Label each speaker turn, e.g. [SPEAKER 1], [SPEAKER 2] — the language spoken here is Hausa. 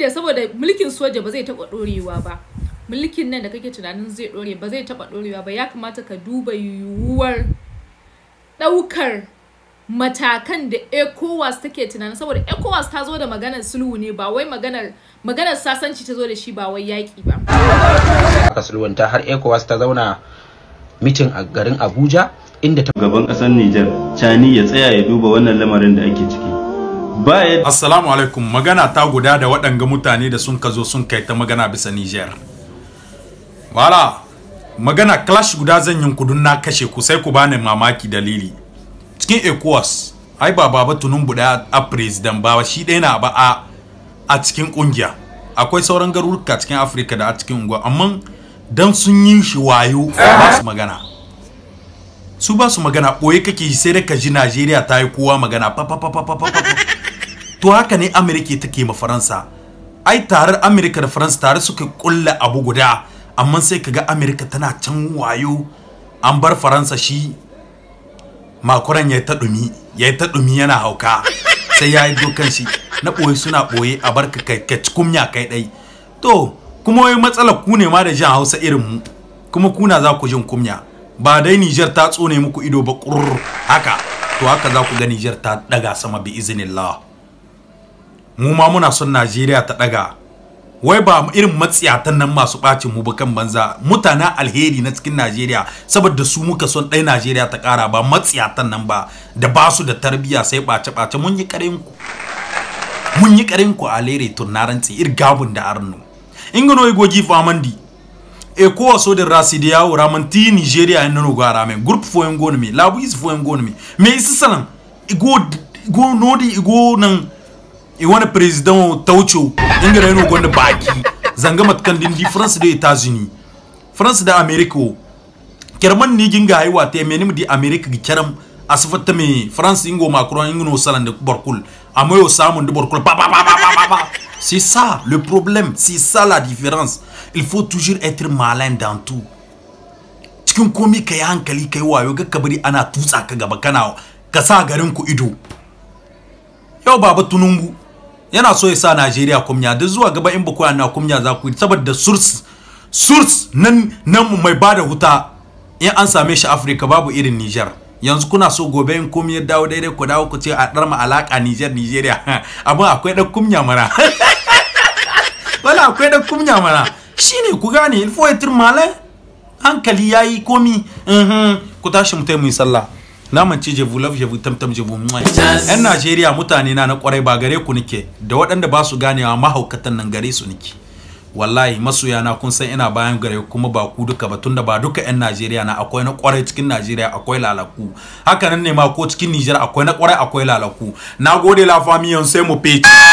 [SPEAKER 1] da saboda mulkin soja ba zai taɓa dorewa ba mulkin nan da kake tunanin zai ɗore ba zai taba dorewa ba ya kamata ka duba yiwuwar ɗaukar matakan da ecowas take tunanin saboda ecowas ta zo da maganar sulhu ne ba wai maganar maganar sasanci ta zo da shi ba wai yaki ba
[SPEAKER 2] aka sulhunta har ecowas ta zauna mitin a garin abuja inda ta gaban kasar niger Chani ya tsaya ya duba wannan lamarin da ake ciki bayan assalamu alaikum magana ta guda da waɗanga mutane da sun ka zo sun kai ta magana bisa niger wala magana clash guda zan yin kudun na kashe ku sai ku bani mamaki dalili cikin ecowas ai ba baba tunun buɗa a president ba shi ɗaya na ba a a cikin ƙungiya akwai sauran garuruka cikin Africa da a cikin unguwa amma dan sun yi shi wayo ba su magana su ba su magana ɓoye kake sai da ka ji najeriya ta yi kowa magana pa pa pa pa pa pa to haka ne amerika take ma faransa ai tarar amerika da faransa tare suka kulla abu guda amma sai kaga amerika tana can wayo an bar faransa shi makuran ya ta dumi ya ta dumi yana hauka sai ya yi dokan shi na ɓoye suna ɓoye a barka kai ka cikumya kai dai to kuma wai matsalar ku ne ma da jan hausa irin mu kuma kuna za ku jin kumya ba dai Nijar ta tsone muku ido ba ƙurr haka to haka za ku ga Nijar ta daga sama bi iznillah mu ma muna son Najeriya ta daga wai ba irin matsiyatan nan masu bacin mu kan banza mutanen alheri na cikin Najeriya saboda su muka son ɗaya Najeriya ta ƙara ba matsiyatan nan ba da ba su da tarbiyya sai ɓace-ɓace mun yi ƙarin ku mun yi ƙarin ku a lere tunaranci ir gabun da arno gano yi gogi famandi e ko so da rasi da yawo ti Nigeria a nanu ga ramen group fo gonu me labu is fo me isi sanan igo nodi igo nan Le y president taucho président yana gwanda baki zanga matkan din france da unis france da america kerman ni La menim di france ingo macron ingo salan de borkul amoyo samun de borkul c'est ça le problème c'est ça la différence il faut toujours être malin dans tout ana baba Tunungu. yana so ya sa Najeriya kumya duk zuwa gaba in ba na kumya za ku saboda source source nan nan mai bada huta in an same shi afirika babu irin Niger yanzu kuna so gobe in kumya dawo daidai ku dawo ku ce a darma alaka Niger Nigeria amma akwai dan kumya mana wala akwai dan kumya mana shine ku gane il faut être malin hankali yayi komi ku tashi mu tai mu yi sallah naman ci jevu love jevu tamtam jevu yan najeriya mutane na na kwarai ba gare ku nike da waɗanda ba su ganewa mahaukatan nan gare su nike wallahi masoya na kun san ina bayan gare kuma ba ku duka ba tunda ba duka yan najeriya na akwai na kwarai cikin najeriya akwai lalaku haka nan ne ma ko cikin nijar akwai na kwarai akwai lalaku na gode la famiyan sai mu fece